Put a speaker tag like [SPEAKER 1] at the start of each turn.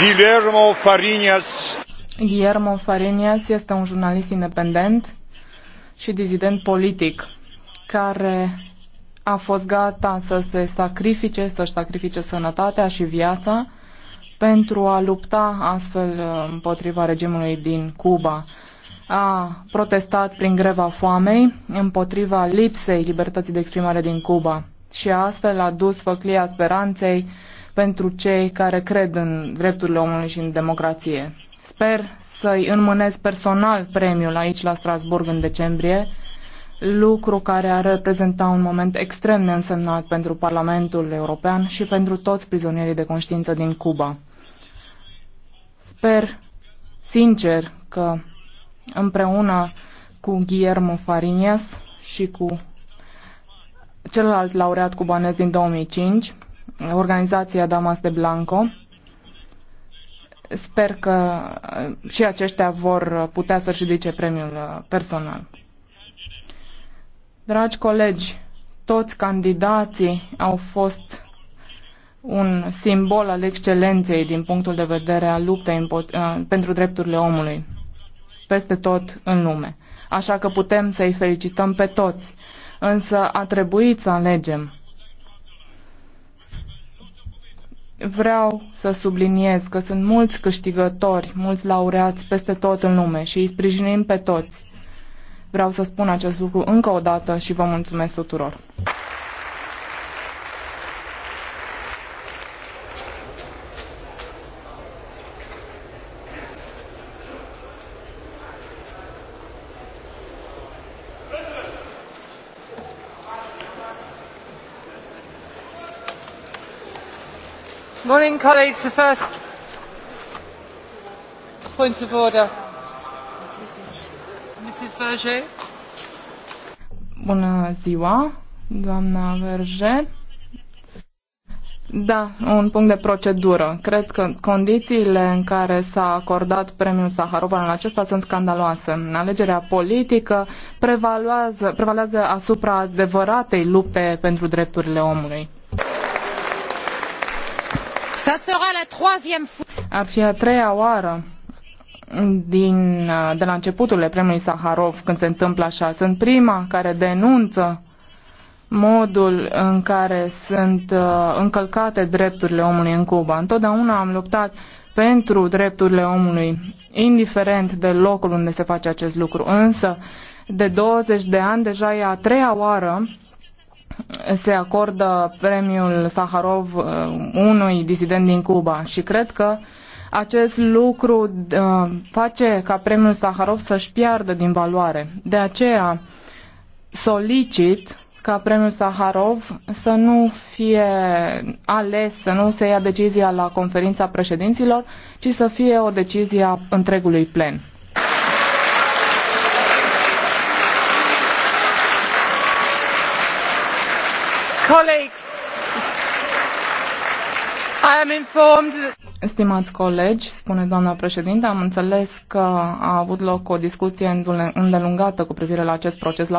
[SPEAKER 1] Guillermo Farinas. Guillermo Farinas este un jurnalist independent și dizident politic care a fost gata să se sacrifice, să-și sacrifice sănătatea și viața pentru a lupta astfel uh, împotriva regimului din Cuba. A protestat prin greva foamei împotriva lipsei libertății de exprimare din Cuba și astfel a dus făclia speranței pentru cei care cred în drepturile omului și în democrație. Sper să-i înmânez personal premiul aici la Strasburg în decembrie, lucru care ar reprezenta un moment extrem de însemnat pentru Parlamentul European și pentru toți prizonierii de conștiință din Cuba. Sper sincer că împreună cu Guillermo Fariñas și cu celălalt laureat cubanez din 2005, organizația Damas de Blanco. Sper că uh, și aceștia vor putea să-și ridice premiul uh, personal. Dragi colegi, toți candidații au fost un simbol al excelenței din punctul de vedere al luptei uh, pentru drepturile omului peste tot în lume. Așa că putem să-i felicităm pe toți, însă a trebuit să alegem vreau să subliniez că sunt mulți câștigători, mulți laureați peste tot în lume și îi sprijinim pe toți. Vreau să spun acest lucru încă o dată și vă mulțumesc tuturor. Morning, colleagues. The first point of order. Mrs. Bună ziua, doamna Verge. Da, un punct de procedură. Cred că condițiile în care s-a acordat premiul Saharov în acesta sunt scandaloase. Alegerea politică prevalează, prevalează asupra adevăratei lupte pentru drepturile omului. Ar fi a treia oară din, de la începutul premiului Saharov când se întâmplă așa. Sunt prima care denunță modul în care sunt uh, încălcate drepturile omului în Cuba. Întotdeauna am luptat pentru drepturile omului, indiferent de locul unde se face acest lucru. Însă, de 20 de ani, deja e a treia oară se acordă premiul Saharov uh, unui disident din Cuba și cred că acest lucru uh, face ca premiul Saharov să-și piardă din valoare. De aceea solicit ca premiul Saharov să nu fie ales, să nu se ia decizia la conferința președinților, ci să fie o decizie a întregului plen. Stimați colegi, spune doamna președinte, am înțeles că a avut loc o discuție îndelungată cu privire la acest proces la